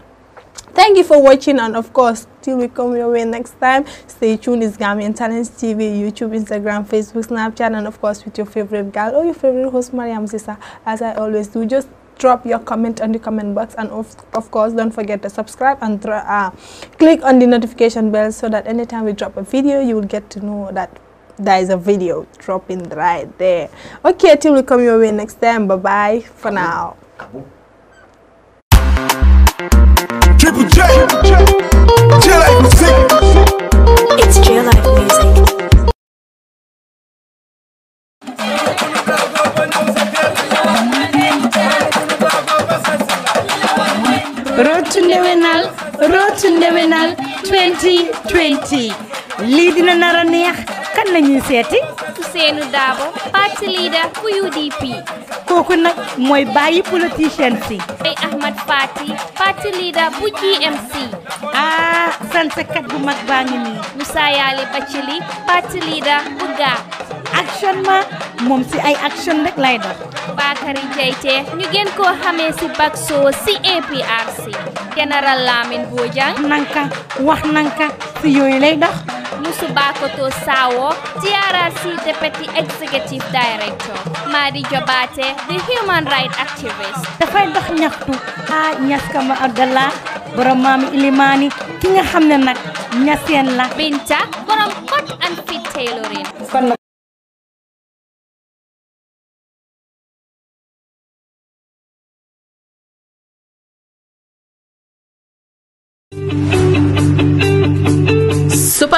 [SPEAKER 1] Thank you for watching and of course, till we come your way next time, stay tuned. It's and Talents TV, YouTube, Instagram, Facebook, Snapchat and of course with your favorite girl or your favorite host, Mariam Zisa, As I always do, just drop your comment on the comment box and of, of course don't forget to subscribe and uh, click on the notification bell so that anytime we drop a video you will get to know that there is a video dropping right there okay till we come your way next time bye bye for now Triple J, J Life Music.
[SPEAKER 3] It's J Life Music.
[SPEAKER 2] Road to Ndewenal, Road to Ndewenal 2020 Leading dina nar a neex Can you ñuy it? Ousseynou Dabo party leader bu UDP. kooku nag mooy bàyyi politicien si. mooy Ahmad Fatty party leader bu GMC. ah sant bu mag baa ngi nii. Moussa Yali Bachili party leader bu GA. action ma moom ci ay action rek lay dox Bakary Jaiteh ñu gën koo xamee si Bakso si APRC général Lamin Bojang nanka wax nanka
[SPEAKER 4] si yooyu lay dox
[SPEAKER 2] Musu Bakoto Sawo Deputy Executive Director Madi Jobate the human rights activist dafay dox ñaxtu ah ki nga xam ne nag
[SPEAKER 3] ñaseen la Binta borom code and fit tailoring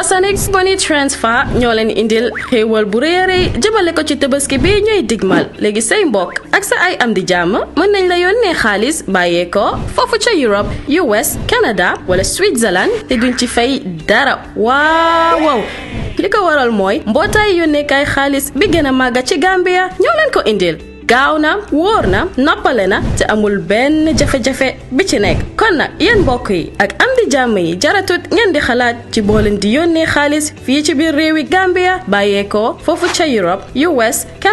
[SPEAKER 4] Pasanix Money Transfer ñoo leen indil xéewal bu rëy a rëy jëmale ko ci tabaski bi ñuy digmal léegi say mbokk ak sa ay am di jàmm mën nañ la yónnee xaalis bàyyee ko foofu ca Europe US Canada wala Switzerland te duñ ci fay dara waaw waaw li ko waral mooy mbootaay yónneekaay xaalis bi gën a màgga ci Gambia ñoo leen ko indil gaaw na wóor na noppale na te amul benn jafe-jafe bi ci nekk kon nag yéen mbokk yi ak am di jàmm yi jaratut ngeen di xalaat ci boo di yónnee xaalis fii ci biir réewi Gambia bàyyeekoo foofu ca Europe US